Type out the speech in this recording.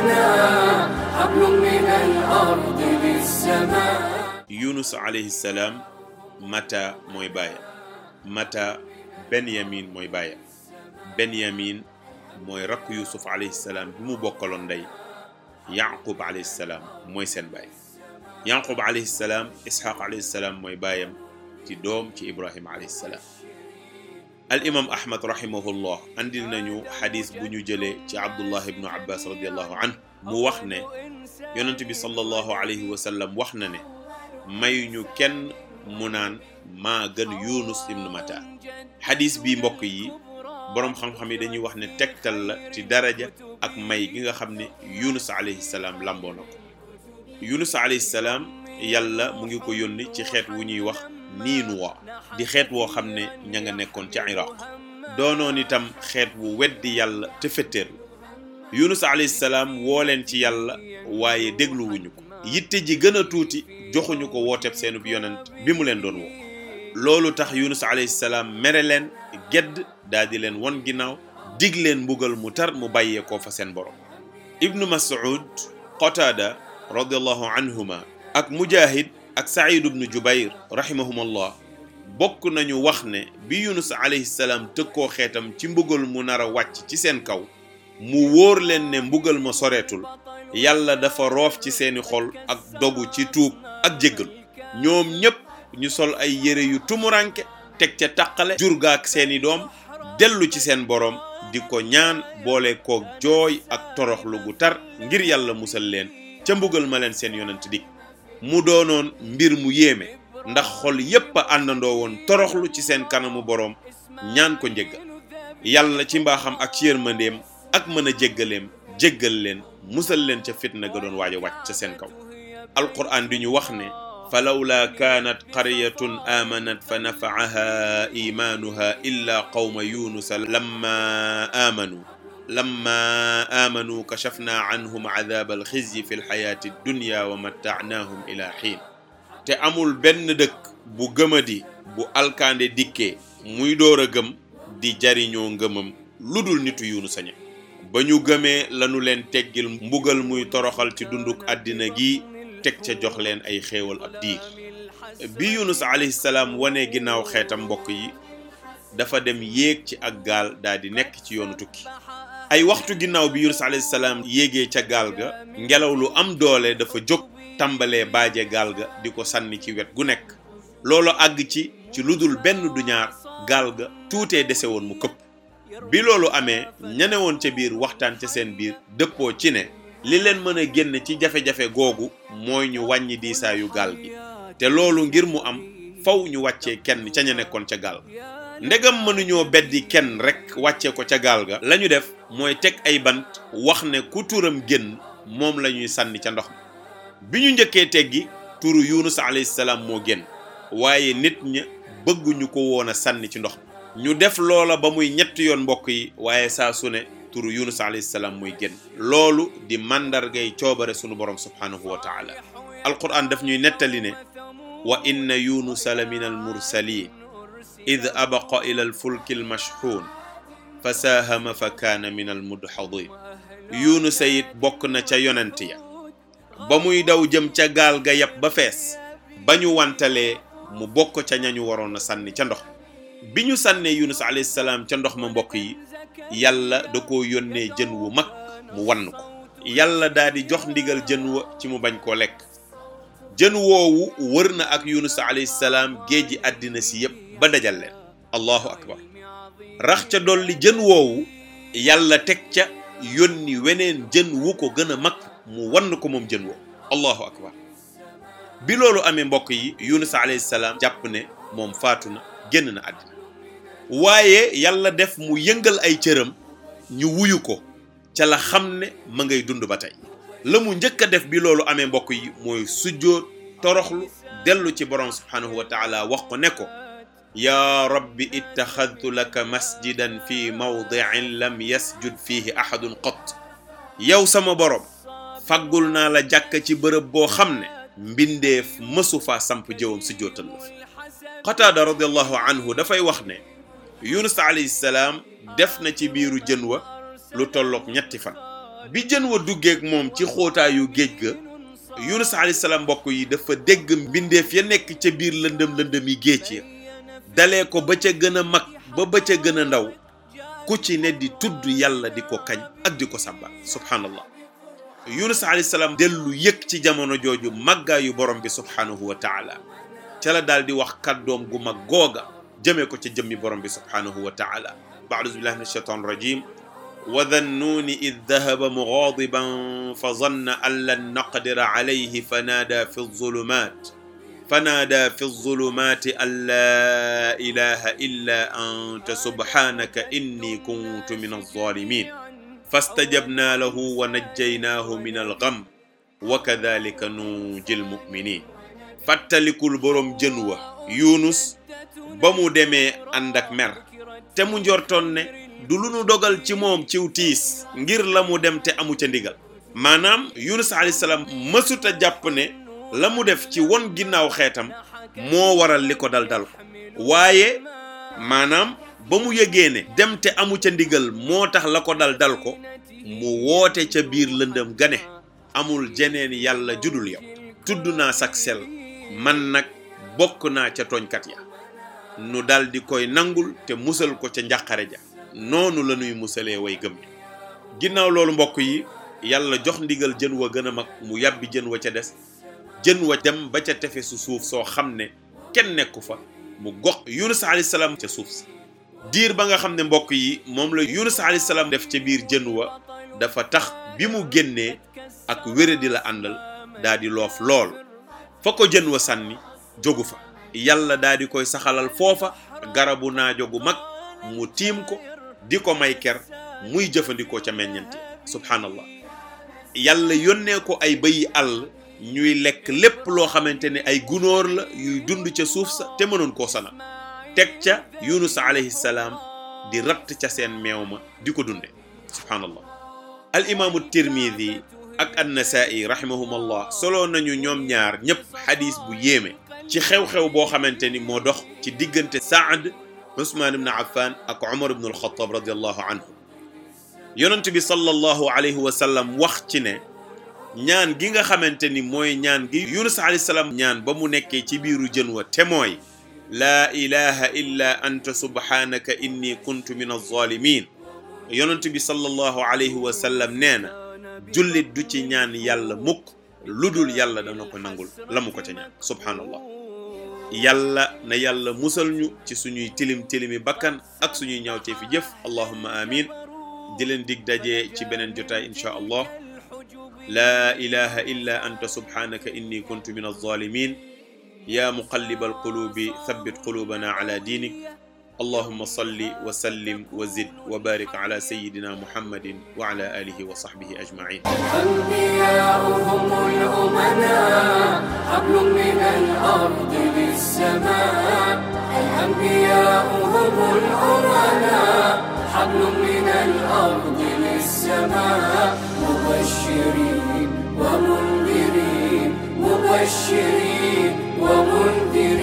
لنا حبل من الأرض للسماء يونس عليه السلام متى mooy rakk yusuf alayhi salaam mu bokkaloon ndey yaqub alayhi salaam mooy seen yaqub alayhi mooy baayam ci doom ci ibrahim alayhi al imam ahmad rahimahullah andil nañu xadis bu ñu jëlee ci abdullah ibnu abbas radiallahu anhu mu wax ne yonent bi sallallahu alayhi wa sallam wax na ne mayu ñu kenn mu naan maa gën yunus ibnu mata xadis bi mbokk yi boroom xam-xam yi dañuy wax ne tegtal la ci daraja ak may gi nga xam ne yunus alayhi salaam lamboo ko yunus alayhi salaam yàlla mu ngi ko yónni ci xeet wu ñuy wax niin wa di xeet woo xam ne ña nga nekkoon ca iraq doonoon itam xeet wu weddi yàlla te fetteer yunus alayhi salaam woo leen ci yàlla waaye dégluwuñu ko yitte ji gën a tuuti joxuñu ko wooteeb seenub yonent bi mu leen doon woo loolu tax yunus alayhi salaam mere leen gedd daal di leen won ginnaaw dig leen mbugal mu tar mu bàyyee koo fa seen borom ibnu mas'ud qotaada radiallahu anhuma ak mujahid ak Saïd ibnu Jubayr rahimahumullah bokk nañu wax ne bi Yunus alayhi salaam koo xeetam ci mbugal mu nar a wàcc ci seen kaw mu wóor leen ne mbugal ma soreetul yàlla dafa roof ci seeni xol ak dogu ci tuub ak jéggal ñoom ñépp ñu sol ay yére yu tumuraanke teg ca taqale jurga ak seeni doom dellu ci seen boroom di ko ñaan boole koog jooy ak toroxlu gu tar ngir yàlla musal leen ca mbugal ma leen seen yonent dikk mu doonoon mbir mu yéeme ndax xol yépp a woon toroxlu ci seen kanamu boroom ñaan ko njëggal yàlla ci mbaaxam ak ci yërmandeem ak mën a jéggaleem jéggal leen musal leen ca fitna ga doon waaj a ca seen kaw alquran di ñu wax ne falawla kaanat qaryatun aamanat fa nafaaha imaanuha illa qawma yunusa lamma aamanu lamma amanu kashafna anhum adab alxizyi fi lxayaati dunya wa mattaanaahum ila xiin te amul benn dëkk bu gëmadi bu alkaande dikkee muy door a gëm di jariñoo ngëmam lu dul nit yunu saña ba ñu gëmee lañu leen teggil mbugal muy toroxal ci dunduk àddina gi teg ca jox leen ay xéewal ab diir bi yunus alayhi wane ginnaaw xeetam mbokk yi dafa dem yéeg ci ak gaal daal di nekk ci yoonu tukki ay waxtu ginnaaw bi Yunus alayhi salaam yéegee ca gaal ga ngelaw lu am doole dafa jóg tàmbalee baaje gaal ga di ko sànni ci wet gu nekk loolu àgg ci ci lu dul benn du ñaar gaal ga tuutee dese woon mu këpp bi loolu amee ñane ca biir waxtaan ca seen biir dëppoo ci ne li leen mën a génne ci jafe-jafe googu mooy ñu wàññi diisaayu gaal gi te loolu ngir mu am faw ñu wàccee kenn ca ña nekkoon ca gaal ga ndegam mënuñoo beddi kenn rekk wàcce ko ca gaal ga la def mooy teg ay bant wax ne ku turam génn moom lañuy sànni ca ndox bi ñu njëkkee teggi turu yunus alayhi salaam moo génn waaye nit ña bëgguñu ko woon sànni ci ndox ñu def loola ba muy ñetti yoon mbokk yi waaye saa su ne turu yunus alayhi salaam muy génn loolu di màndargay coobare sunu borom subhaanahu wa taala alquran daf ñuy nettali ne wa inna yunusa la al mursalin id abaqa ila alfulki almashxuun fa saahama fa kaana min almudxadin yunus it bokk na ca yonent ya ba muy daw jëm ca gaal ga yab ba fees ba ñu wantalee mu bokk ca ñañu waroon a sànni ca ndox bi ñu sànnee yunus alayhi salaam ca ndox ma mbokk yi yàlla da koo yónnee jën wu mag mu wann ko yàlla daa di jox ndigal jën wa ci mu bañ koo lekk jën woowu wër na ak yunus alayhi salaam géeji àddina si yépp ba dajal leen allahu akbar rax ca dolli jën woowu yàlla teg ca yónni weneen jën wu ko gën a mag mu wann ko moom jën woowu allahu akbar bi loolu amee mbokk yi yunus alayhi salaam jàpp ne moom faatu na génn na àddina waaye yàlla def mu yëngal ay cëram ñu wuyu ko ca la xam ne ma ngay dund ba tey la mu njëkk a def bi loolu amee mbokk yi mooy sujjóot toroxlu dellu ci borom subhanahu wa wax ko ne ko yaa rabbi ittaxadtu laka masjidan fi mawdicin lam yasjud fihi ahadun qat yow sama borom faggul naa la jàkk ci bërëb boo xam ne mbindeef mësu faa samp jëwam si jootal la Qataada radiallahu anhu dafay wax ne Yunus alayhi salaam def na ci biiru jën wa lu tolloog ñetti fan bi jën wa duggeek moom ci xootaayu géej ga Yunus alayhi salaam mbokk yi dafa dégg mbindeef ya nekk ca biir lëndëm lëndëm yi géej ya dalee ko ba ca gën a mag ba ba ca gën a ndaw ku ci ne di tudd yàlla di ko kañ ak di ko sàbba subhaanallah yunus alayhi salaam dellu yëg ci jamono jooju màggaayu borom bi subhaanahu wa taala ca la daal di wax kàddoom gu mag googa jëmee ko ca jëmmi borom bi subhaanahu wa taala baaudu billahi min ashaitan rajim wa dannuuni id dahaba mugaadiban fa zanna an lan naqdira alayhi fa naada fi zulumaat فنادى في الظلمات أن لا إله إلا أنت سبحانك إني كنت من الظالمين فاستجبنا له ونجيناه من الغم وكذلك ننجي المؤمنين fàttalikul boroom jën wa Yunus ba mu demee ànd ak mer te mu njortoon du lu dogal ci moom ciw tiis ngir la mu dem te amu ca ndigal maanaam Yunus alayhi salaam mësut ne la mu def ci won ginnaaw xeetam moo waral li ko dal dal ko waaye maanaam ba mu yëgee ne dem te amu ca ndigal moo tax la ko dal dal ko mu woote ca biir lëndëm gane amul jeneen yàlla judul yow tudd naa sak man nag bokk naa ca tooñkat ya nu daldi koy nangul te musal ko ca njàqare ja noonu la ñuy musalee way gëm ginnaaw loolu mbokk yi yàlla jox ndigal jën wa gën a mag mu yàbbi jën wa ca des jën wa dem ba ca tefesu suuf soo xam ne kenn nekku fa mu gox yunus alayhi salaam ca suuf si diir ba nga xam ne mbokk yi moom la yunus alayhi salaam def ca biir jën wa dafa tax bi mu génnee ak wére di la àndal daa di loof lool fa ko jën wa sànni jógu fa yàlla daa di koy saxalal foofa garabu naajo gu mag mu tiim ko di ko may ker muy jëfandikoo ca meññante subhaanallah yàlla yónnee ko ay bëyi àll ñuy lekk lépp loo xamante ne ay gunóor la yuy dund ca suuf sa te mënoon koo sana teg ca yunus alayhi salaam di ratt ca seen meew ma di ko dunde subhaanallah al imaamu tirmidi ak annasaa'i rahimahumullah solo nañu ñoom ñaar ñëpp xadiis bu yéeme ci xew-xew boo xamante ni moo dox ci diggante saad usmaan ibn affan ak omar ibn alxataab radiallahu anhu yonent bi sallallahu alayhi wa wax ci ne ñaan gi nga xamante ni mooy ñaan gi yunus alayhi ñaan ba mu nekkee ci biiru jën wa te mooy laa ilaha illa anta subhanaka inni kuntu min alzalimin yonent wa sallam nee na jullit du ci ñaan yàlla mukk lu dul yàlla dana ko nangul lamu ko ca ñaan subhaanallah yàlla na yàlla musal ñu ci suñuy tilim-tilimi bakkan ak suñuy ñaawtee fi jëf allahumma amin di leen dig ci beneen jotaay inchaa allah laa ilaha illa anta subhanaka inni kuntu min alzalimin ya muqallibal qulubi thabbit qulubana ala diinik allahuma salli wa sallim wa zid wa barik ala sayidina muhammadin wa ala alihi wa sahbihi ajmain anbiyauhum al-umana hablum min al-ardi lis-sama anbiyauhum al-umana hablum min al-ardi lis-sama mubashirin ومنذرين مبشرين ومنذرين